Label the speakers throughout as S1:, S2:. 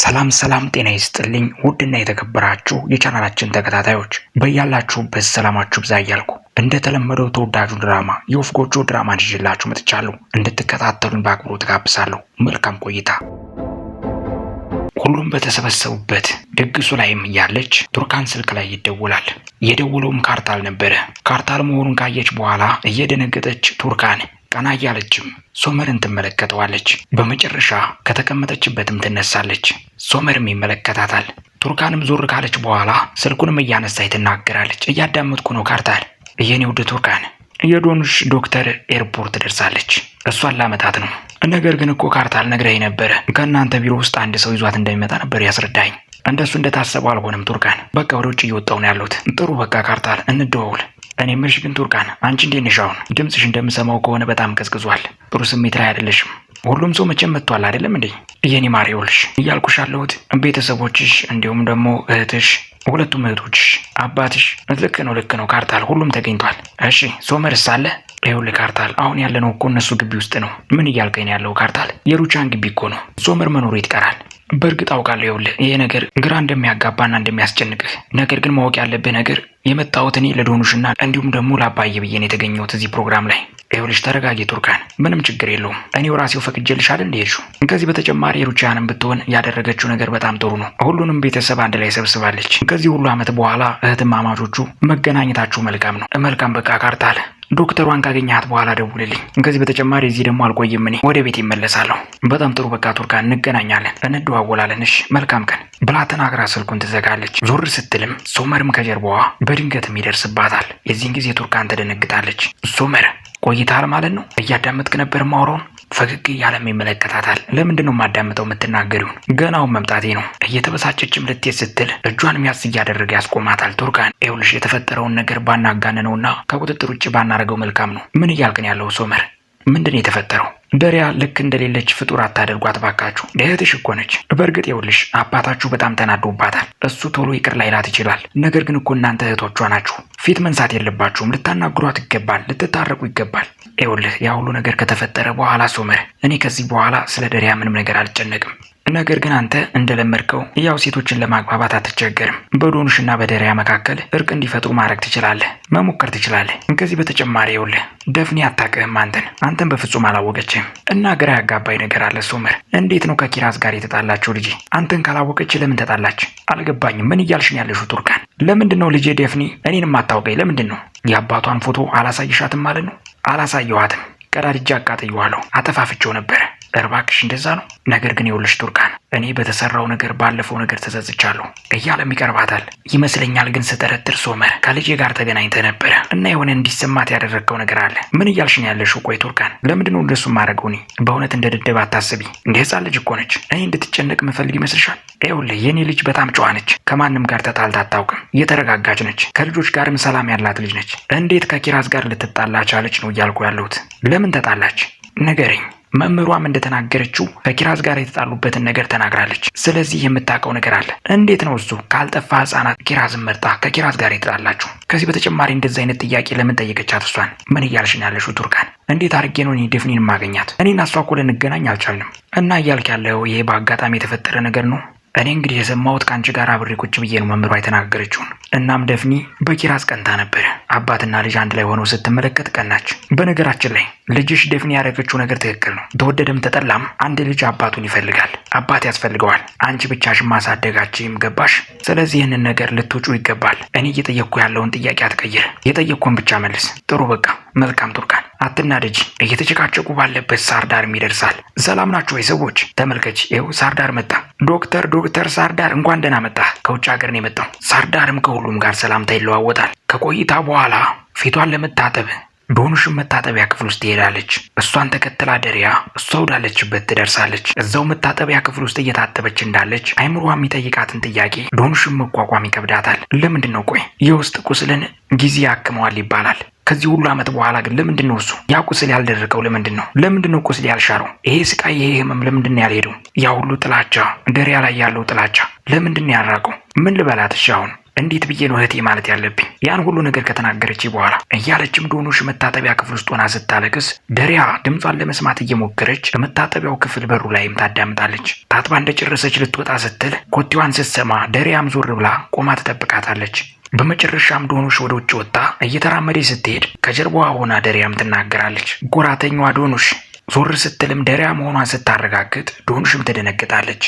S1: ሰላም ሰላም፣ ጤና ይስጥልኝ ውድና የተከበራችሁ የቻናላችን ተከታታዮች በያላችሁበት ሰላማችሁ ብዛ እያልኩ እንደተለመደው ተወዳጁ ድራማ የወፍ ጎጆ ድራማ ይዤላችሁ መጥቻለሁ። እንድትከታተሉን በአክብሮ ጋብዛለሁ። መልካም ቆይታ። ሁሉም በተሰበሰቡበት ድግሱ ላይም እያለች ቱርካን ስልክ ላይ ይደውላል። የደወለውም ካርታል ነበረ። ካርታል መሆኑን ካየች በኋላ እየደነገጠች ቱርካን ቀና እያለችም ሶመርን ትመለከተዋለች። በመጨረሻ ከተቀመጠችበትም ትነሳለች። ሶመርም ይመለከታታል። ቱርካንም ዞር ካለች በኋላ ስልኩንም እያነሳች ትናገራለች። እያዳመጥኩ ነው ካርታል። የኔ ውድ ቱርካን የዶኑሽ ዶክተር ኤርፖርት ደርሳለች። እሷን ላመጣት ነው። ነገር ግን እኮ ካርታል ነግረኝ ነበረ። ከእናንተ ቢሮ ውስጥ አንድ ሰው ይዟት እንደሚመጣ ነበር ያስረዳኝ። እንደሱ እንደታሰበው አልሆነም ቱርካን። በቃ ወደ ውጭ እየወጣው ነው ያለሁት። ጥሩ በቃ ካርታል፣ እንደዋውል እኔ ምልሽ ግን ቱርካን፣ አንቺ እንዴት ነሽ አሁን? ድምፅሽ እንደምሰማው ከሆነ በጣም ቀዝቅዟል። ጥሩ ስሜት ላይ አይደለሽም። ሁሉም ሰው መቼም መጥቷል አይደለም እንዴ? እየኔ ማር፣ ይኸውልሽ እያልኩሽ ያለሁት ቤተሰቦችሽ፣ እንዲሁም ደግሞ እህትሽ፣ ሁለቱም እህቶችሽ፣ አባትሽ። ልክ ነው ልክ ነው ካርታል፣ ሁሉም ተገኝቷል። እሺ ሶመርስ አለ? ይኸውልህ ካርታል፣ አሁን ያለነው እኮ እነሱ ግቢ ውስጥ ነው። ምን እያልከኝ ያለው ካርታል? የሩቻን ግቢ እኮ ነው። ሶመር መኖሩ ይትቀራል። በእርግጥ አውቃለሁ። ይኸውልህ ይሄ ነገር ግራ እንደሚያጋባና እንደሚያስጨንቅህ፣ ነገር ግን ማወቅ ያለብህ ነገር የመጣሁት እኔ ለዶኑሽና እንዲሁም ደግሞ ለአባዬ ብዬ ነው የተገኘሁት እዚህ ፕሮግራም ላይ። ይኸውልሽ ተረጋጊ ቱርካን፣ ምንም ችግር የለውም። እኔው ራሴው ፈቅጄልሽ እንደሄድሽው። ከዚህ በተጨማሪ ሩቺያንም ብትሆን ያደረገችው ነገር በጣም ጥሩ ነው። ሁሉንም ቤተሰብ አንድ ላይ ሰብስባለች። ከዚህ ሁሉ ዓመት በኋላ እህትማማቾቹ መገናኘታችሁ መልካም ነው። መልካም በቃ ካርታል ዶክተሯን ካገኘሃት በኋላ ደውልልኝ። ከዚህ በተጨማሪ እዚህ ደግሞ አልቆይም፣ እኔ ወደ ቤት ይመለሳለሁ። በጣም ጥሩ በቃ ቱርካ፣ እንገናኛለን፣ እንደዋወላለንሽ መልካም ቀን ብላ ተናግራ ስልኩን ትዘጋለች። ዞር ስትልም ሶመርም ከጀርባዋ በድንገትም ይደርስባታል። የዚህን ጊዜ ቱርካን ትደነግጣለች። ሶመር ቆይታል ማለት ነው? እያዳመጥክ ነበር ማውራውን? ፈገግ እያለም ይመለከታታል። ለምንድን ነው የማዳምጠው የምትናገሪውን? ገናውን መምጣቴ ነው። እየተበሳጨችም ልትሄድ ስትል እጇን ሚያስ እያደረገ ያስቆማታል። ቱርካን ኤውልሽ የተፈጠረውን ነገር ባናጋነነውና ከቁጥጥር ውጭ ባናደርገው መልካም ነው። ምን እያልቅን ያለው ሶመር? ምንድን የተፈጠረው? ደሪያ ልክ እንደሌለች ፍጡር አታደርጓት ባካችሁ። እህትሽ እኮ ነች። በእርግጥ የውልሽ አባታችሁ በጣም ተናዶባታል። እሱ ቶሎ ይቅር ላይላት ይችላል። ነገር ግን እኮ እናንተ እህቶቿ ናችሁ። ፊት መንሳት የለባችሁም። ልታናግሯት ይገባል። ልትታረቁ ይገባል። ይኸውልህ ያ ሁሉ ነገር ከተፈጠረ በኋላ ሶመር፣ እኔ ከዚህ በኋላ ስለ ደሪያ ምንም ነገር አልጨነቅም። ነገር ግን አንተ እንደለመድከው ያው ሴቶችን ለማግባባት አትቸገርም። በዶኑሽና በደሪያ መካከል እርቅ እንዲፈጥሩ ማድረግ ትችላለህ፣ መሞከር ትችላለህ። ከዚህ በተጨማሪ ይኸውልህ ደፍኔ አታውቅህም አንተን፣ አንተን በፍጹም አላወቀችህም። እና ግራ ያጋባኝ ነገር አለ ሶመር። እንዴት ነው ከኪራዝ ጋር የተጣላችው ልጄ? አንተን ካላወቀች ለምን ተጣላች? አልገባኝም። ምን እያልሽ ነው ያለሽው ቱርካን? ለምንድን ነው ልጄ ደፍኔ እኔንም የማታውቀኝ ለምንድን ነው የአባቷን ፎቶ አላሳይሻትም ማለት ነው? አላሳየኋትም ቀዳድጄ አቃጥየዋለሁ። አጠፋፍቼው ነበረ። እባክሽ እንደዛ ነው። ነገር ግን የውልሽ ቱርካን እኔ በተሰራው ነገር ባለፈው ነገር ተጸጽቻለሁ እያለም ይቀርባታል። ይመስለኛል ግን ስጠረጥር ሶመር ከልጄ ጋር ተገናኝተ ነበረ እና የሆነ እንዲሰማት ያደረግከው ነገር አለ። ምን እያልሽ ነው ያለሽው? ቆይ ቱርካን፣ ለምንድነው እንደሱ ማድረገው? እኔ በእውነት እንደ ድድብ አታስቢ፣ እንደ ህፃን ልጅ እኮ ነች። እኔ እንድትጨነቅ ምፈልግ ይመስልሻል? ይኸውልህ የእኔ ልጅ በጣም ጨዋ ነች። ከማንም ጋር ተጣልታ አታውቅም። የተረጋጋች ነች። ከልጆች ጋርም ሰላም ያላት ልጅ ነች። እንዴት ከኪራዝ ጋር ልትጣላ ቻለች ነው እያልኩ ያለሁት። ለምን ተጣላች ንገረኝ። መምህሯም እንደተናገረችው ከኪራዝ ጋር የተጣሉበትን ነገር ተናግራለች። ስለዚህ የምታውቀው ነገር አለ። እንዴት ነው እሱ ካልጠፋ ህጻናት ኪራዝን መርጣ ከኪራዝ ጋር የተጣላችሁ? ከዚህ በተጨማሪ እንደዚህ አይነት ጥያቄ ለምን ጠየቀቻት? እሷን ምን እያልሽን ያለሹ ቱርካን? እንዴት አድርጌ ነው እኔ ማገኛት? እኔና እሷ እኮ ልንገናኝ አልቻልንም። እና እያልክ ያለው ይሄ በአጋጣሚ የተፈጠረ ነገር ነው? እኔ እንግዲህ የሰማሁት ከአንቺ ጋር አብሬ ቁጭ ብዬ ነው መምህሯ የተናገረችውን እናም ደፍኒ በኪራስ ቀንታ ነበረ። አባትና ልጅ አንድ ላይ ሆነው ስትመለከት ቀናች። በነገራችን ላይ ልጅሽ ደፍኒ ያደረገችው ነገር ትክክል ነው። ተወደደም ተጠላም አንድ ልጅ አባቱን ይፈልጋል፣ አባት ያስፈልገዋል። አንቺ ብቻሽን ማሳደጋችም ገባሽ። ስለዚህ ይህንን ነገር ልትውጩ ይገባል። እኔ እየጠየቅኩ ያለውን ጥያቄ አትቀይር፣ የጠየቅኩን ብቻ መልስ። ጥሩ በቃ መልካም ቱርካን አትናደጅ። እየተጨቃጨቁ ባለበት ሳርዳርም ይደርሳል። ሰላም ናችሁ ወይ ሰዎች? ተመልከች፣ ይኸው ሳርዳር መጣ። ዶክተር ዶክተር ሳርዳር እንኳን ደህና መጣ። ከውጭ ሀገር ነው የመጣው። ሳርዳርም ከሁሉም ጋር ሰላምታ ይለዋወጣል። ከቆይታ በኋላ ፊቷን ለመታጠብ ዶኑሽን መታጠቢያ ክፍል ውስጥ ትሄዳለች። እሷን ተከትላ ደሪያ እሷ ወዳለችበት ትደርሳለች። እዛው መታጠቢያ ክፍል ውስጥ እየታጠበች እንዳለች አይምሮ የሚጠይቃትን ጥያቄ ዶኑሽን መቋቋም ይከብዳታል። ለምንድን ነው ቆይ የውስጥ ቁስልን ጊዜ ያክመዋል ይባላል። ከዚህ ሁሉ ዓመት በኋላ ግን ለምንድን ነው እሱ ያ ቁስል ያልደረቀው? ለምንድን ነው ለምንድን ነው ቁስል ያልሻረው? ይሄ ስቃይ ይሄ ህመም ለምንድን ነው ያልሄደው? ያ ሁሉ ጥላቻ፣ ደሪያ ላይ ያለው ጥላቻ ለምንድን ነው ያራቀው? ምን ልበላት እሺ አሁን እንዴት ብዬ ነው እህቴ ማለት ያለብኝ ያን ሁሉ ነገር ከተናገረች በኋላ እያለችም ዶኖሽ መታጠቢያ ክፍል ውስጥ ሆና ስታለቅስ ደሪያ ድምጿን ለመስማት እየሞከረች በመታጠቢያው ክፍል በሩ ላይም ታዳምጣለች። ታጥባ እንደጨረሰች ልትወጣ ስትል ኮቴዋን ስትሰማ ደሪያም ዞር ብላ ቆማ ትጠብቃታለች። በመጨረሻም ዶኖሽ ወደ ውጭ ወጣ እየተራመደች ስትሄድ ከጀርባዋ ሆና ደሪያም ትናገራለች። ጎራተኛዋ ዶኖሽ ዞር ስትልም ደሪያ መሆኗን ስታረጋግጥ ዶኑሽም ትደነግጣለች።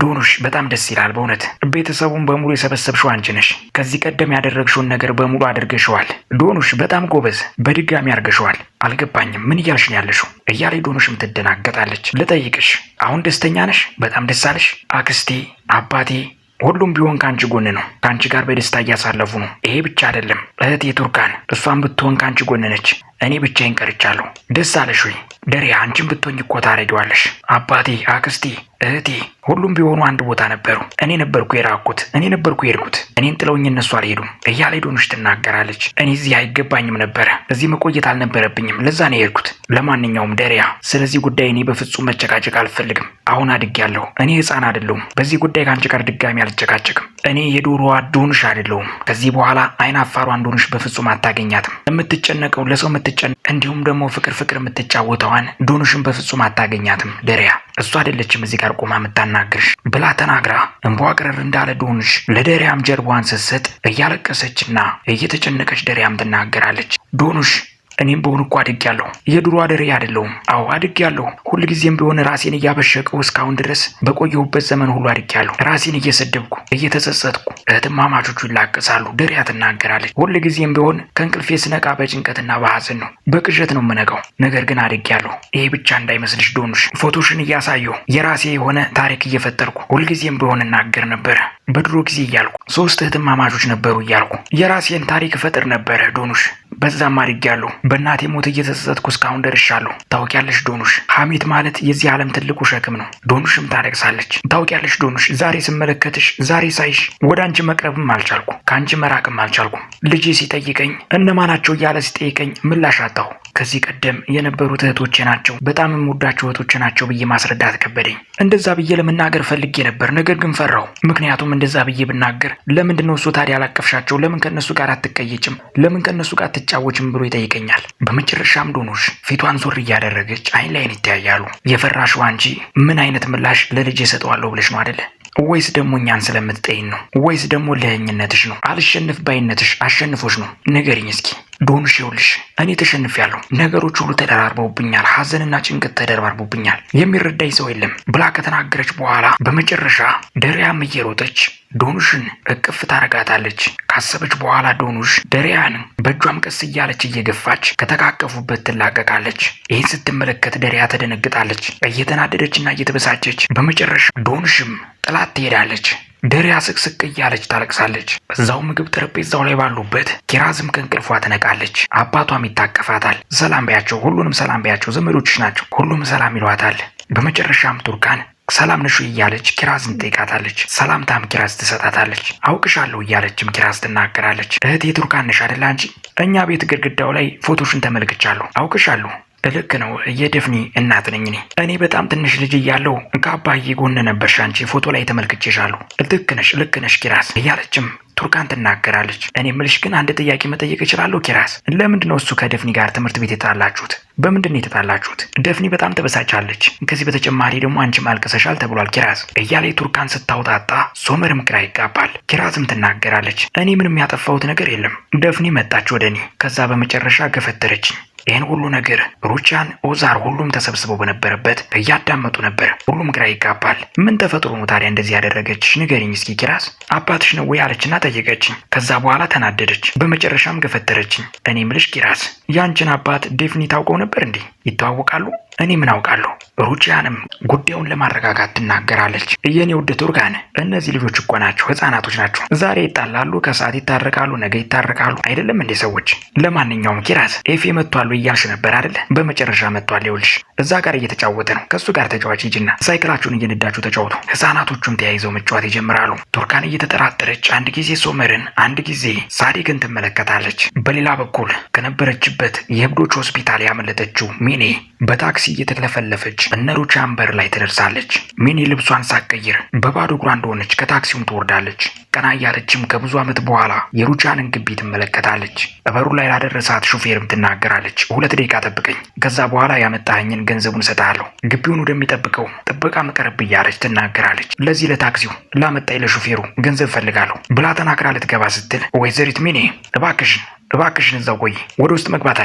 S1: ዶኑሽ በጣም ደስ ይላል በእውነት ቤተሰቡን በሙሉ የሰበሰብሽው አንቺ ነሽ። ከዚህ ቀደም ያደረግሽውን ነገር በሙሉ አድርገሽዋል። ዶኑሽ በጣም ጎበዝ፣ በድጋሚ አድርገሽዋል። አልገባኝም፣ ምን እያልሽ ነው ያለሽው? እያለ ዶኑሽም ትደናገጣለች። ልጠይቅሽ፣ አሁን ደስተኛ ነሽ? በጣም ደስ አለሽ? አክስቴ፣ አባቴ ሁሉም ቢሆን ከአንቺ ጎን ነው። ከአንቺ ጋር በደስታ እያሳለፉ ነው። ይሄ ብቻ አይደለም እህቴ ቱርካን፣ እሷን ብትሆን ከአንቺ ጎን ነች። እኔ ብቻዬን ቀርቻለሁ። ደስ አለሽ ወይ ደሬ? አንቺን ብትሆኝ እኮ ታረጊዋለሽ። አባቴ፣ አክስቴ እህቴ ሁሉም ቢሆኑ አንድ ቦታ ነበሩ። እኔ ነበርኩ የራኩት፣ እኔ ነበርኩ የሄድኩት፣ እኔን ጥለውኝ እነሱ አልሄዱም እያለ ዶኖሽ ትናገራለች። እኔ እዚህ አይገባኝም ነበረ፣ እዚህ መቆየት አልነበረብኝም፣ ለዛ ነው የሄድኩት። ለማንኛውም ደሪያ፣ ስለዚህ ጉዳይ እኔ በፍጹም መጨቃጨቅ አልፈልግም። አሁን አድጌያለሁ፣ እኔ ሕፃን አይደለሁም። በዚህ ጉዳይ ከአንቺ ጋር ድጋሚ አልጨቃጨቅም። እኔ የዶሮዋ ዶንሽ አይደለሁም። ከዚህ በኋላ አይን አፋሯን ዶንሽ በፍጹም አታገኛትም። የምትጨነቀው ለሰው የምትጨነ እንዲሁም ደግሞ ፍቅር ፍቅር የምትጫወተዋን ዶንሽን በፍጹም አታገኛትም ደሪያ እሱ አይደለችም እዚህ ጋር ቆማ የምታናግርሽ ብላ ተናግራ እንቧ ቅረር እንዳለ ዶንሽ ለደሪያም ጀርቧን ስትሰጥ እያለቀሰችና እየተጨነቀች ደሪያም ትናገራለች። ዶኑሽ እኔም በሆኑ እኮ አድጌያለሁ። የድሮ አደሬ አይደለሁም። አዎ አድጌያለሁ። ሁልጊዜም ቢሆን ራሴን እያበሸቀው እስካሁን ድረስ በቆየሁበት ዘመን ሁሉ አድጌያለሁ። ራሴን እየሰደብኩ እየተጸጸትኩ፣ እህትማማቾቹ ይላቀሳሉ፣ ድሪያ ትናገራለች። ሁልጊዜም ቢሆን ከእንቅልፌ ስነቃ በጭንቀትና በሐዘን ነው፣ በቅዠት ነው የምነቃው። ነገር ግን አድጌያለሁ። ይሄ ብቻ እንዳይመስልሽ ዶኑሽ፣ ፎቶሽን እያሳየሁ የራሴ የሆነ ታሪክ እየፈጠርኩ ሁልጊዜም ቢሆን እናገር ነበረ በድሮ ጊዜ እያልኩ ሶስት እህትማማቾች ነበሩ እያልኩ የራሴን ታሪክ እፈጥር ነበረ ዶኑሽ በዛም አድርጊያለሁ። በእናቴ ሞት እየተጸጸትኩ እስካሁን ደርሻለሁ። ታውቂያለሽ ዶኑሽ፣ ሐሜት ማለት የዚህ ዓለም ትልቁ ሸክም ነው። ዶኑሽም ታለቅሳለች። ታውቂያለሽ ዶኑሽ፣ ዛሬ ስመለከትሽ፣ ዛሬ ሳይሽ ወደ አንቺ መቅረብም አልቻልኩ፣ ከአንቺ መራቅም አልቻልኩም። ልጄ ሲጠይቀኝ እነማናቸው እያለ ሲጠይቀኝ ምላሽ አጣሁ። ከዚህ ቀደም የነበሩት እህቶቼ ናቸው፣ በጣም የምወዳቸው እህቶቼ ናቸው ብዬ ማስረዳት ከበደኝ። እንደዛ ብዬ ለመናገር ፈልጌ ነበር፣ ነገር ግን ፈራው። ምክንያቱም እንደዛ ብዬ ብናገር ለምንድን ነው እሱ ታዲያ አላቀፍሻቸው? ለምን ከእነሱ ጋር አትቀየጭም? ለምን ከእነሱ ጋር አትጫወችም? ብሎ ይጠይቀኛል። በመጨረሻም ዶኖሽ ፊቷን ዞር እያደረገች አይን ላይን ይተያያሉ። የፈራሽው አንቺ ምን አይነት ምላሽ ለልጄ እሰጠዋለሁ ብለሽ ነው አደለ ወይስ ደግሞ እኛን ስለምትጠይን ነው? ወይስ ደግሞ ለህኝነትሽ ነው? አልሸንፍ ባይነትሽ አሸንፎች ነው? ንገሪኝ እስኪ። ዶንሽ ይኸውልሽ እኔ ተሸንፊያለሁ። ነገሮች ሁሉ ተደራርበውብኛል። ሀዘንና ጭንቀት ተደራርቦብኛል። የሚረዳኝ ሰው የለም ብላ ከተናገረች በኋላ በመጨረሻ ደሪያም እየሮጠች ዶኑሽን እቅፍ ታረጋታለች። ካሰበች በኋላ ዶኑሽ ደሪያን በእጇም ቀስ እያለች እየገፋች ከተቃቀፉበት ትላቀቃለች። ይህን ስትመለከት ደሪያ ተደነግጣለች፣ እየተናደደችና እየተበሳጨች። በመጨረሻ ዶኑሽም ጥላት ትሄዳለች። ደሪያ ስቅስቅ እያለች ታለቅሳለች። እዛው ምግብ ጠረጴዛው ላይ ባሉበት ኪራዝም ከእንቅልፏ ትነቃለች። አባቷም ይታቀፋታል። ሰላም ቢያቸው፣ ሁሉንም ሰላም ቢያቸው፣ ዘመዶችሽ ናቸው፣ ሁሉም ሰላም ይሏታል። በመጨረሻም ቱርካን ሰላም ነሽ እያለች ኪራዝን ትጠይቃታለች። ሰላምታም ኪራዝ ትሰጣታለች። አውቅሻለሁ እያለችም ኪራዝ ትናገራለች። እህቴ ቱርካን ነሽ አይደል አንቺ? እኛ ቤት ግድግዳው ላይ ፎቶሽን ተመልክቻለሁ። አውቅሻለሁ ልክ ነው። የደፍኒ እናት ነኝ እኔ እኔ በጣም ትንሽ ልጅ እያለሁ ከአባዬ ጎን ነበርሽ አንቺ ፎቶ ላይ ተመልክቼሻለሁ። ልክ ነሽ፣ ልክ ነሽ ኪራስ እያለችም ቱርካን ትናገራለች። እኔ ምልሽ ግን አንድ ጥያቄ መጠየቅ እችላለሁ? ኪራስ ለምንድን ነው እሱ ከደፍኒ ጋር ትምህርት ቤት የተጣላችሁት? በምንድን ነው የተጣላችሁት? ደፍኒ በጣም ተበሳጫለች ከዚህ በተጨማሪ ደግሞ አንቺም አልቅሰሻል ተብሏል ኪራስ እያለ ቱርካን ስታውጣጣ፣ ሶመርም ግራ ይጋባል። ኪራስም ትናገራለች። እኔ ምንም ያጠፋሁት ነገር የለም። ደፍኒ መጣች ወደ እኔ፣ ከዛ በመጨረሻ ገፈተረችኝ። ይህን ሁሉ ነገር ሩቻን፣ ኦዛር ሁሉም ተሰብስበው በነበረበት እያዳመጡ ነበር። ሁሉም ግራ ይጋባል። ምን ተፈጥሮ ነው ታዲያ እንደዚህ ያደረገችሽ? ንገሪኝ እስኪ ኪራስ አባትሽ ነው ወይ አለችና ጠየቀችኝ። ከዛ በኋላ ተናደደች። በመጨረሻም ገፈተረችኝ። እኔ ምልሽ ኪራስ፣ ያንችን አባት ዴፍኒ ታውቀው ነበር እንዲህ ይተዋወቃሉ? እኔ ምን አውቃለሁ። ሩቺያንም ጉዳዩን ለማረጋጋት ትናገራለች። እየኔ ውድ ቱርካን፣ እነዚህ ልጆች እኮ ናቸው ህጻናቶች ናቸው። ዛሬ ይጣላሉ፣ ከሰዓት ይታረቃሉ፣ ነገ ይታረቃሉ። አይደለም እንዴ ሰዎች? ለማንኛውም ኪራስ ኤፌ መጥቷል እያልሽ ነበር አይደለ? በመጨረሻ መጥቷል። ይኸውልሽ እዛ ጋር እየተጫወተ ነው። ከእሱ ጋር ተጫዋች ሂጂና ሳይክላችሁን እየነዳችሁ ተጫወቱ። ህፃናቶቹም ተያይዘው መጫወት ይጀምራሉ። ቱርካን እየተጠራጠረች አንድ ጊዜ ሶመርን፣ አንድ ጊዜ ሳዲግን ትመለከታለች። በሌላ በኩል ከነበረችበት የእብዶች ሆስፒታል ያመለጠችው ሚኔ በታክሲ እየተለፈለፈች እነሩ ቻምበር ላይ ትደርሳለች። ሚኔ ልብሷን ሳትቀይር በባዶ እግሯ እንደሆነች ከታክሲውም ትወርዳለች። ቀና እያለችም ከብዙ ዓመት በኋላ የሩጫንን ግቢ ትመለከታለች። በበሩ ላይ ላደረሳት ሹፌርም ትናገራለች፣ ሁለት ደቂቃ ጠብቀኝ፣ ከዛ በኋላ ያመጣኸኝን ገንዘቡን እሰጥሃለሁ፣ ግቢውን ወደሚጠብቀው ጥበቃ መቀረብ እያለች ትናገራለች። ለዚህ ለታክሲው ላመጣኝ ለሹፌሩ ገንዘብ እፈልጋለሁ ብላ ተናግራ ልትገባ ስትል ወይዘሪት ሚኔ እባክሽን እባክሽን እዛው ቆይ፣ ወደ ውስጥ መግባት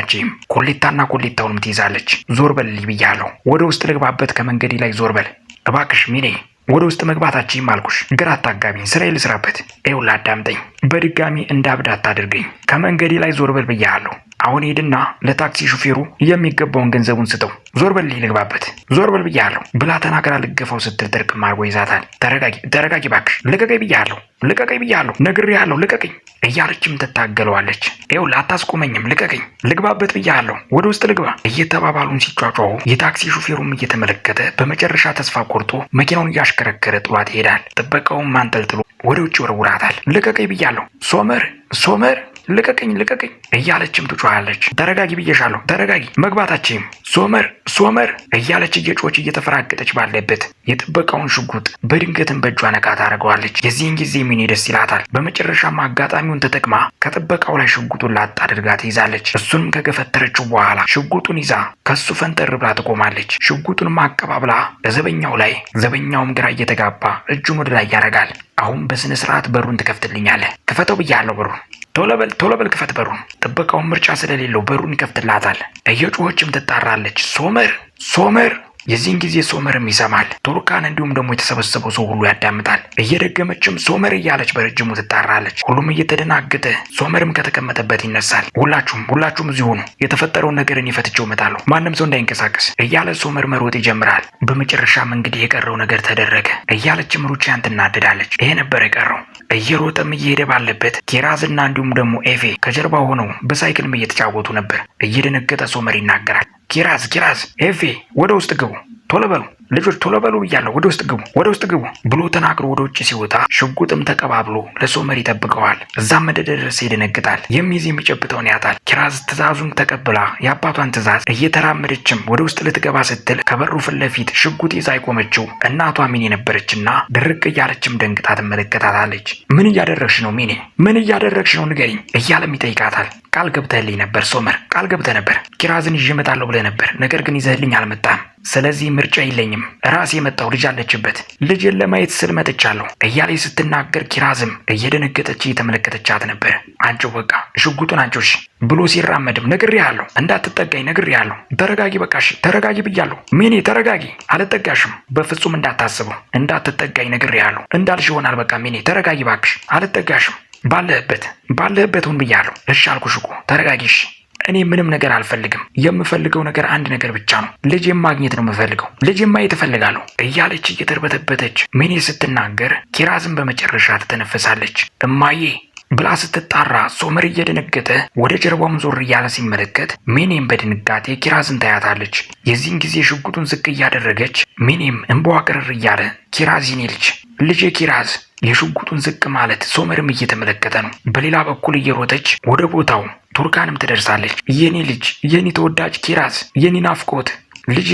S1: ኮሌታና ኮሌታውንም ትይዛለች። ዞር በል ልይ ብያለሁ፣ ወደ ውስጥ ልግባበት፣ ከመንገዴ ላይ ዞር በል እባክሽ ሚኔ ወደ ውስጥ መግባታችን ማልኩሽ፣ ግራ አታጋቢኝ፣ ስራዬ ልስራበት። ይኸውልህ አዳምጠኝ፣ በድጋሚ እንዳብድ አታድርገኝ። ከመንገዴ ላይ ዞር በል ብያለሁ። አሁን ሄድና ለታክሲ ሹፌሩ የሚገባውን ገንዘቡን ስጠው። ዞር በል ልግባበት፣ ዞር በል ብያለሁ ብላ ተናገራ ልገፋው ስትል ጥርቅም አድርጎ ይዛታል። ተረጋጊ፣ ተረጋጊ ተረጋጊ አለው ልቀቀኝ ብያለሁ፣ ልቀቀኝ ብያለሁ፣ ነግሬሃለሁ፣ ልቀቀኝ እያለችም ትታገለዋለች። ው ላታስቆመኝም፣ ልቀቀኝ፣ ልግባበት ብያለሁ፣ ወደ ውስጥ ልግባ እየተባባሉን ሲጫጫሁ የታክሲ ሹፌሩም እየተመለከተ በመጨረሻ ተስፋ ቆርጦ መኪናውን እያሽከረከረ ጥሏት ይሄዳል። ጥበቃውም ማንጠልጥሎ ወደ ውጭ ወርውራታል። ልቀቀኝ ብያለሁ ሶመር ሶመር ልቀቅኝ ልቀቅኝ እያለችም ትጮኻለች። ተረጋጊ ብዬሻለሁ፣ ተረጋጊ መግባታችም ሶመር ሶመር እያለች እየጮች እየተፈራገጠች ባለበት የጥበቃውን ሽጉጥ በድንገትን በእጇ ነቃ ታደርገዋለች። የዚህን ጊዜ ሚኔ ደስ ይላታል። በመጨረሻም አጋጣሚውን ተጠቅማ ከጥበቃው ላይ ሽጉጡን ላጥ አድርጋ ትይዛለች። እሱንም ከገፈተረችው በኋላ ሽጉጡን ይዛ ከሱ ፈንጠር ብላ ትቆማለች። ሽጉጡንም አቀባብላ በዘበኛው ላይ ዘበኛውም ግራ እየተጋባ እጁን ወደ ላይ ያደርጋል። አሁን በስነ ስርዓት በሩን ትከፍትልኛለህ? ክፈተው ብያለሁ በሩን ቶሎ በል ቶሎ በል ክፈት በሩን። ጥበቃውን ምርጫ ስለሌለው በሩን ይከፍትላታል። እየጮኸችም ትጣራለች። ሶመር ሶመር የዚህን ጊዜ ሶመርም ይሰማል። ቱርካን እንዲሁም ደግሞ የተሰበሰበው ሰው ሁሉ ያዳምጣል። እየደገመችም ሶመር እያለች በረጅሙ ትጣራለች። ሁሉም እየተደናገጠ ሶመርም ከተቀመጠበት ይነሳል። ሁላችሁም ሁላችሁም እዚሁ ሆኑ፣ የተፈጠረውን ነገር እኔ ፈትቼው እመጣለሁ፣ ማንም ሰው እንዳይንቀሳቀስ እያለ ሶመር መሮጥ ይጀምራል። በመጨረሻም እንግዲህ የቀረው ነገር ተደረገ እያለችም ሩቺያን ትናደዳለች። ይሄ ነበር የቀረው። እየሮጠም እየሄደ ባለበት ኬራዝና እንዲሁም ደግሞ ኤፌ ከጀርባ ሆነው በሳይክልም እየተጫወቱ ነበር። እየደነገጠ ሶመር ይናገራል። ኪራዝ ኪራዝ ኤፌ ወደ ውስጥ ግቡ ቶሎ በሉ ልጆች ቶሎ በሉ ብያለሁ፣ ወደ ውስጥ ግቡ፣ ወደ ውስጥ ግቡ ብሎ ተናግሮ ወደ ውጭ ሲወጣ ሽጉጥም ተቀባብሎ ለሶመር ይጠብቀዋል። እዛም እንደደረሰ ይደነግጣል። የሚይዝ የሚጨብጠውን ያጣል። ኪራዝ ትዕዛዙን ተቀብላ የአባቷን ትዛዝ እየተራመደችም ወደ ውስጥ ልትገባ ስትል ከበሩ ፊት ለፊት ሽጉጥ ይዛ የቆመችው እናቷ ሚኔ ነበረችና ድርቅ እያለችም ደንግጣ ትመለከታታለች። ምን እያደረግሽ ነው ሚኔ? ምን እያደረግሽ ነው ንገሪኝ እያለም ይጠይቃታል። ቃል ገብተህልኝ ነበር ሶመር፣ ቃል ገብተህ ነበር። ኪራዝን ይዤ እመጣለሁ ብለህ ነበር፣ ነገር ግን ይዘህልኝ አልመጣም ስለዚህ ምርጫ የለኝም። ራስ የመጣው ልጅ አለችበት። ልጅን ለማየት ስል መጥቻለሁ እያለች ስትናገር ኪራዝም እየደነገጠች እየተመለከተቻት ነበር። አንቺው በቃ ሽጉጡን አንቺው ብሎ ሲራመድም ነግሬሃለሁ፣ እንዳትጠጋኝ ነግሬሃለሁ። ተረጋጊ በቃሽ፣ ተረጋጊ ብያለሁ። ሚኔ ተረጋጊ፣ አልጠጋሽም፣ በፍጹም እንዳታስበው፣ እንዳትጠጋኝ ነግሬሃለሁ። እንዳልሽ ይሆናል። በቃ ሚኔ ተረጋጊ ባክሽ፣ አልጠጋሽም ባለህበት ባለህበት ሁን ብያለሁ። እሺ አልኩሽ እኮ ተረጋጊሽ እኔ ምንም ነገር አልፈልግም። የምፈልገው ነገር አንድ ነገር ብቻ ነው። ልጄን ማግኘት ነው የምፈልገው። ልጄን ማየት እፈልጋለሁ እያለች እየተርበተበተች ሚኔ ስትናገር ኪራዝን በመጨረሻ ትተነፈሳለች። እማዬ ብላ ስትጣራ ሶመር እየደነገጠ ወደ ጀርባውም ዞር እያለ ሲመለከት ሜኔም በድንጋጤ ኪራዝን ታያታለች። የዚህን ጊዜ ሽጉጡን ዝቅ እያደረገች ሜኔም እንባዋ ቅርር እያለ ኪራዝ የኔ ልጅ ልጄ ኪራዝ የሽጉጡን ዝቅ ማለት ሶመርም እየተመለከተ ነው። በሌላ በኩል እየሮጠች ወደ ቦታው ቱርካንም ትደርሳለች። የኔ ልጅ፣ የኔ ተወዳጅ ኪራስ፣ የኔ ናፍቆት ልጄ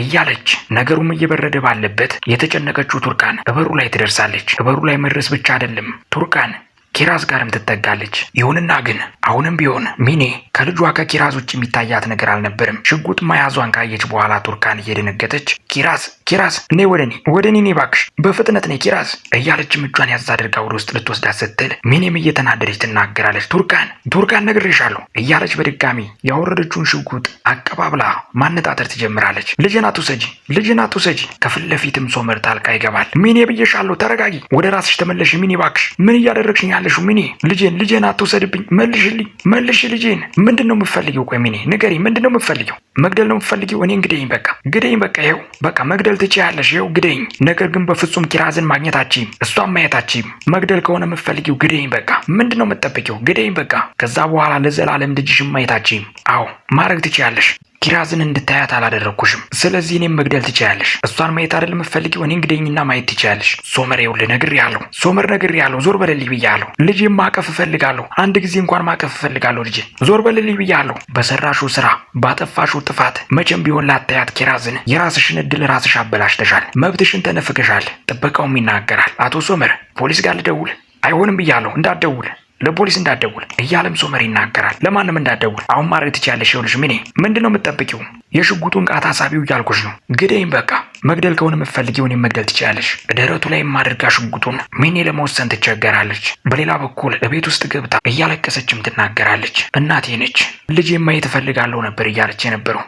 S1: እያለች ነገሩም እየበረደ ባለበት የተጨነቀችው ቱርካን እበሩ ላይ ትደርሳለች። እበሩ ላይ መድረስ ብቻ አይደለም ቱርካን ኪራዝ ጋርም ትጠጋለች። ይሁንና ግን አሁንም ቢሆን ሚኔ ከልጇ ከኪራዝ ውጭ የሚታያት ነገር አልነበርም። ሽጉጥ መያዟን ካየች በኋላ ቱርካን እየደነገጠች ኪራዝ ኪራዝ እኔ ወደኔ ወደኔ ነይ እባክሽ በፍጥነት ነይ ኪራዝ እያለችም እጇን ያዝ አድርጋ ወደ ውስጥ ልትወስዳት ስትል ሚኔም እየተናደደች ትናገራለች። ቱርካን ቱርካን ነግሬሻለሁ እያለች በድጋሚ ያወረደችውን ሽጉጥ አቀባብላ ማነጣጠር ትጀምራለች። ልጄን አትውሰጂ ልጄን አትውሰጂ። ከፊት ለፊትም ሶመር ጣልቃ ይገባል። ሚኔ ብዬሻለሁ፣ ተረጋጊ፣ ወደ ራስሽ ተመለሽ ሚኔ እባክሽ። ምን እያደረግሽኝ ያለሽው ሚኔ? ልጄን ልጄን አትውሰድብኝ፣ መልሽልኝ፣ መልሽ ልጄን። ምንድን ነው የምትፈልጊው? ቆይ ሚኔ ንገሪ፣ ምንድን ነው የምትፈልጊው? መግደል ነው የምትፈልጊው? እኔ እንግዲህ በቃ ግደኝ፣ በቃ ይኸው በቃ መግደል ትችያለሽ፣ ይኸው ግደኝ። ነገር ግን በፍጹም ኪራዝን ማግኘታችም እሷን ማየታችም መግደል ከሆነ የምትፈልጊው ግደኝ። በቃ ምንድን ነው የምትጠብቂው? ግደኝ በቃ ከዛ በኋላ ለዘላለም ልጅሽን ማየታችም። አዎ ማድረግ ትችያለሽ። ኪራዝን እንድታያት አላደረግኩሽም። ስለዚህ እኔም መግደል ትችያለሽ። እሷን ማየት አይደል የምትፈልጊው? እኔን ግደኝና ማየት ትችያለሽ። ሶመር ይኸውልህ፣ ነግሬሃለሁ። ሶመር ነግሬሃለሁ። ዞር በልልኝ ብያለሁ። ልጄን ማቀፍ እፈልጋለሁ። አንድ ጊዜ እንኳን ማቀፍ እፈልጋለሁ። ልጅ ዞር በልልኝ ብያለሁ። በሰራሹ ስራ ባጠፋሹ ጥፋት መቼም ቢሆን ላታያት ኪራዝን። የራስሽን እድል ራስሽ አበላሽተሻል። መብትሽን ተነፍገሻል። ጥበቃውም ይናገራል። አቶ ሶመር ፖሊስ ጋር ልደውል? አይሆንም ብያለሁ፣ እንዳትደውል ለፖሊስ እንዳደውል እያለም ሶመር ይናገራል። ለማንም እንዳደውል አሁን ማድረግ ትችያለሽ። ይኸውልሽ ሚኔ ምንድን ነው የምትጠብቂው? የሽጉጡን ቃታ ሳቢው እያልኩሽ ነው። ግደይም በቃ መግደል ከሆነ የምትፈልጊውን መግደል ትችያለሽ። ደረቱ ላይ የማድርጋ ሽጉጡን ሚኔ ለመወሰን ትቸገራለች። በሌላ በኩል ቤት ውስጥ ገብታ እያለቀሰችም ትናገራለች። እናቴ ነች ልጅ ማየት እፈልጋለሁ ነበር እያለች የነበረው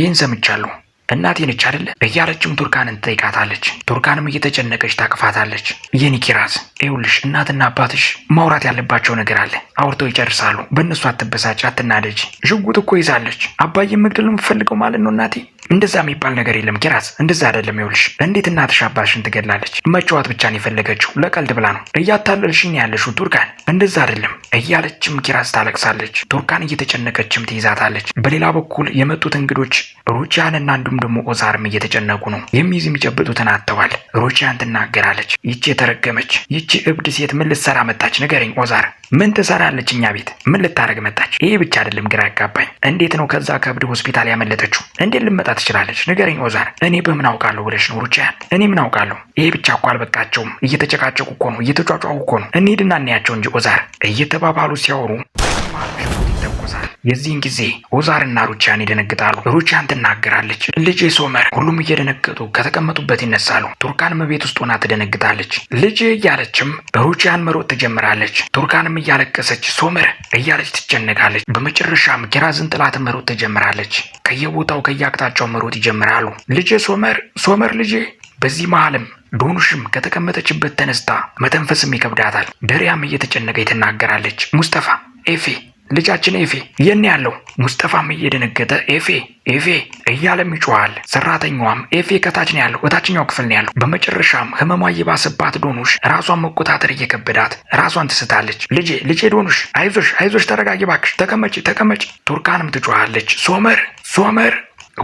S1: ይህን ሰምቻለሁ እናቴ ነች አይደለ? በያለችም ቱርካንን ትጠይቃታለች። ቱርካንም እየተጨነቀች ታቅፋታለች። የኒኪራት ኪራዝ ይኸውልሽ፣ እናትና አባትሽ ማውራት ያለባቸው ነገር አለ። አውርተው ይጨርሳሉ። በእነሱ አትበሳጭ፣ አትናደጅ። ሽጉጥ እኮ ይዛለች። አባዬ መግደል ነው ማለት ነው እናቴ እንደዛ የሚባል ነገር የለም ኪራስ፣ እንደዛ አይደለም። ይኸውልሽ እንዴት እናትሽ አባትሽን ትገላለች? መጫወት ብቻ ነው የፈለገችው፣ ለቀልድ ብላ ነው። እያታለልሽኝ ያለሽው ቱርካን፣ እንደዛ አይደለም እያለችም ኪራስ ታለቅሳለች። ቱርካን እየተጨነቀችም ትይዛታለች። በሌላ በኩል የመጡት እንግዶች ሩቺያንና እንዲሁም ደግሞ ኦዛርም እየተጨነቁ ነው። የሚይዝ የሚጨብጡትን አጥተዋል። ሩቺያን ትናገራለች። ይቺ የተረገመች ይቺ እብድ ሴት ምን ልትሰራ መጣች? ንገረኝ ኦዛር፣ ምን ትሰራለች? እኛ ቤት ምን ልታደርግ መጣች? ይሄ ብቻ አይደለም ግራ ያጋባኝ። እንዴት ነው ከዛ ከእብድ ሆስፒታል ያመለጠችው? እንዴት ልመጣት ትችላለች? ንገረኝ ወዛር፣ እኔ በምን አውቃለሁ ብለሽ ነው ሩቻያን? እኔ ምን አውቃለሁ? ይሄ ብቻ እኮ አልበቃቸውም። እየተጨቃጨቁ እኮ ነው፣ እየተጫጫቁ እኮ ነው። እንሂድና እናያቸው እንጂ ወዛር እየተባባሉ ሲያወሩ የዚህን ጊዜ ኦዛርና ሩቻን ይደነግጣሉ። ሩቻን ትናገራለች፣ ልጄ ሶመር። ሁሉም እየደነገጡ ከተቀመጡበት ይነሳሉ። ቱርካንም ቤት ውስጥ ሆና ትደነግጣለች። ልጄ እያለችም ሩቻን መሮጥ ትጀምራለች። ቱርካንም እያለቀሰች ሶመር እያለች ትጨነቃለች። በመጨረሻም ኪራዝን ጥላት መሮጥ ትጀምራለች። ከየቦታው ከየአቅጣጫው መሮጥ ይጀምራሉ። ልጄ ሶመር፣ ሶመር ልጄ። በዚህ መሃልም ዶኑሽም ከተቀመጠችበት ተነስታ መተንፈስም ይከብዳታል። ደሪያም እየተጨነቀች ትናገራለች። ሙስጠፋ ኤፌ ልጃችን ኤፌ የኔ ያለው ሙስጠፋም እየደነገጠ ኤፌ ኤፌ እያለም ይጮሃል። ሰራተኛዋም ኤፌ ከታች ነው ያለው እታችኛው ክፍል ነው ያለው። በመጨረሻም ህመሟ እየባሰባት ዶኑሽ ራሷን መቆጣጠር እየከበዳት ራሷን ትስታለች። ልጄ ልጄ ዶኑሽ አይዞሽ አይዞሽ ተረጋጊ ባክሽ ተቀመጪ ተቀመጪ። ቱርካንም ትጮሃለች ሶመር ሶመር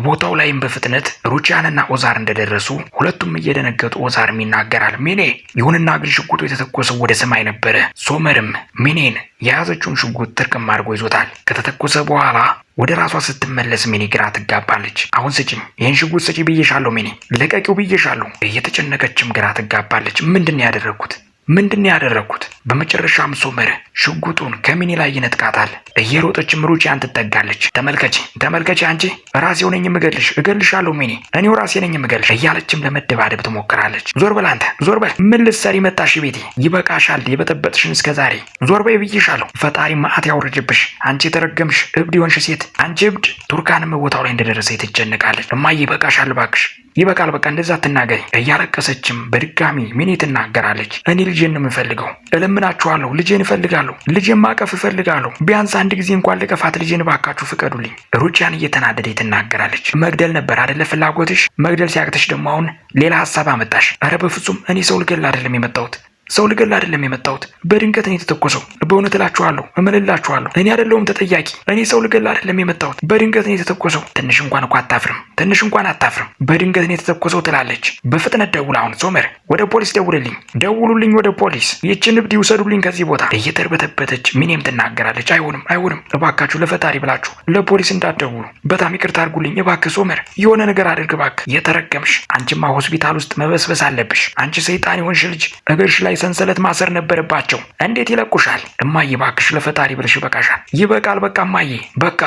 S1: ቦታው ላይም በፍጥነት ሩቺያንና ኦዛር እንደደረሱ ሁለቱም እየደነገጡ ኦዛርም ይናገራል። ሚኔ ይሁንና ግን ሽጉጡ የተተኮሰው ወደ ሰማይ ነበረ። ሶመርም ሚኔን የያዘችውን ሽጉጥ ትርቅም አድርጎ ይዞታል። ከተተኮሰ በኋላ ወደ ራሷ ስትመለስ ሚኔ ግራ ትጋባለች። አሁን ስጪም፣ ይህን ሽጉጥ ስጪ ብዬሻለሁ፣ ሚኔ ለቀቂው ብዬሻለሁ። እየተጨነቀችም ግራ ትጋባለች። ምንድን ያደረግኩት? ምንድን ያደረግኩት? በመጨረሻም ሶመር ሽጉጡን ከሚኒ ላይ ይነጥቃታል። እየሮጠችም ሩቺያን ትጠጋለች። ተመልከች ተመልከች፣ አንቺ ራሴው ነኝ የምገልሽ፣ እገልሻለሁ ሚኒ፣ እኔው ራሴ ነኝ የምገልሽ እያለችም ለመደባደብ ትሞክራለች። ዞር በል አንተ ዞር በል፣ ምን ልትሰሪ መጣሽ ቤቴ? ይበቃሻል፣ የበጠበጥሽን እስከ ዛሬ። ዞር በይ ብዬሻለሁ። ፈጣሪ መዓት ያውርድብሽ፣ አንቺ የተረገምሽ እብድ የሆንሽ ሴት፣ አንቺ እብድ። ቱርካንም ቦታው ላይ እንደደረሰ ትጨነቃለች። እማዬ ይበቃሻል እባክሽ ይበቃል፣ በቃ እንደዛ ትናገሪ። እያለቀሰችም በድጋሚ ሚኔ ትናገራለች። እኔ ልጄን ነው የምፈልገው፣ እለምናችኋለሁ፣ ልጄን እፈልጋለሁ፣ ልጄን ማቀፍ እፈልጋለሁ። ቢያንስ አንድ ጊዜ እንኳን ልቀፋት፣ ልጄን እባካችሁ ፍቀዱልኝ። ሩቺያን እየተናደደ ትናገራለች። መግደል ነበር አደለ ፍላጎትሽ? መግደል ሲያቅትሽ ደግሞ አሁን ሌላ ሀሳብ አመጣሽ። ኧረ በፍጹም እኔ ሰው ልገል አይደለም የመጣሁት ሰው ልገል አይደለም የመጣሁት። በድንገት ነው የተተኮሰው። በእውነት እላችኋለሁ እምልላችኋለሁ፣ እኔ አይደለሁም ተጠያቂ። እኔ ሰው ልገል አይደለም የመጣሁት፣ በድንገት ነው የተተኮሰው። ትንሽ እንኳን እኮ አታፍርም፣ ትንሽ እንኳን አታፍርም። በድንገት ነው የተተኮሰው ትላለች። በፍጥነት ደውል አሁን፣ ሶመር ወደ ፖሊስ ደውልልኝ፣ ደውሉልኝ ወደ ፖሊስ፣ ይችን እብድ ይውሰዱልኝ ከዚህ ቦታ። እየተርበተበተች ሚኔም ትናገራለች። አይሆንም፣ አይሆንም፣ እባካችሁ ለፈጣሪ ብላችሁ ለፖሊስ እንዳትደውሉ። በጣም ይቅርታ አድርጉልኝ እባክህ ሶመር፣ የሆነ ነገር አድርግ እባክህ። የተረገምሽ አንቺማ ሆስፒታል ውስጥ መበስበስ አለብሽ። አንቺ ሰይጣን የሆንሽ ልጅ እግርሽ ላይ ሰንሰለት ማሰር ነበረባቸው። እንዴት ይለቁሻል? እማዬ እባክሽ ለፈጣሪ ብለሽ ይበቃሻል። ይበቃል። በቃ እማዬ በቃ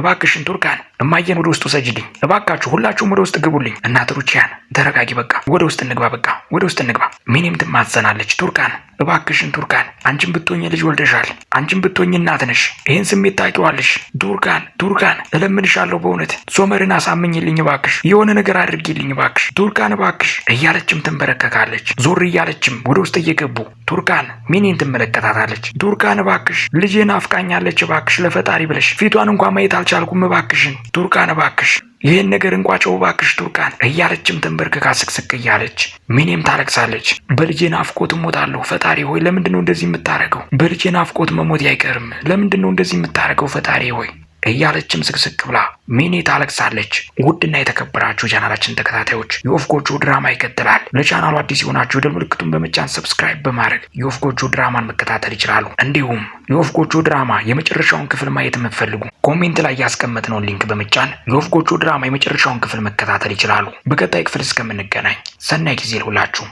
S1: እባክሽን ቱርካን እማየን ወደ ውስጥ ውሰጂልኝ። እባካችሁ ሁላችሁም ወደ ውስጥ ግቡልኝ። እናት ሩቺያን ተረጋጊ፣ በቃ ወደ ውስጥ እንግባ፣ በቃ ወደ ውስጥ እንግባ። ሚኒም ትማዘናለች። ቱርካን እባክሽን ቱርካን፣ አንቺም ብትሆኝ ልጅ ወልደሻል። አንቺም ብትሆኝ እናት ነሽ። ይህን ስሜት ታውቂዋለሽ። ቱርካን ቱርካን፣ እለምንሻለሁ በእውነት ሶመርን አሳምኝልኝ እባክሽ፣ የሆነ ነገር አድርጊልኝ እባክሽ፣ ቱርካን እባክሽ እያለችም ትንበረከካለች። ዞር እያለችም ወደ ውስጥ እየገቡ ቱርካን ሚኒን ትመለከታታለች። ቱርካን እባክሽ ልጄን አፍቃኛለች፣ እባክሽ ለፈጣሪ ብለሽ ፊቷን እንኳ ማየት ካልቻልኩም እባክሽን ቱርካን እባክሽ ይህን ነገር እንቋጨው እባክሽ ቱርካን እያለችም ተንበርክካ ስቅስቅ እያለች ሚኔም ታለቅሳለች። በልጄ ናፍቆት እሞታለሁ ፈጣሪ ሆይ፣ ለምንድን ነው እንደዚህ የምታደርገው? በልጄ ናፍቆት መሞት አይቀርም። ለምንድን ነው እንደዚህ የምታደርገው ፈጣሪ ሆይ እያለችም ስቅስቅ ብላ ሚኒ ታለቅሳለች። ውድና የተከበራችሁ ቻናላችን ተከታታዮች የወፍ ጎጆ ድራማ ይቀጥላል። ለቻናሉ አዲስ የሆናችሁ የደወል ምልክቱን በመጫን ሰብስክራይብ በማድረግ የወፍ ጎጆ ድራማን መከታተል ይችላሉ። እንዲሁም የወፍ ጎጆ ድራማ የመጨረሻውን ክፍል ማየት የምትፈልጉ ኮሜንት ላይ ያስቀመጥነውን ሊንክ በመጫን የወፍ ጎጆ ድራማ የመጨረሻውን ክፍል መከታተል ይችላሉ። በቀጣይ ክፍል እስከምንገናኝ ሰናይ ጊዜ ልሁላችሁ።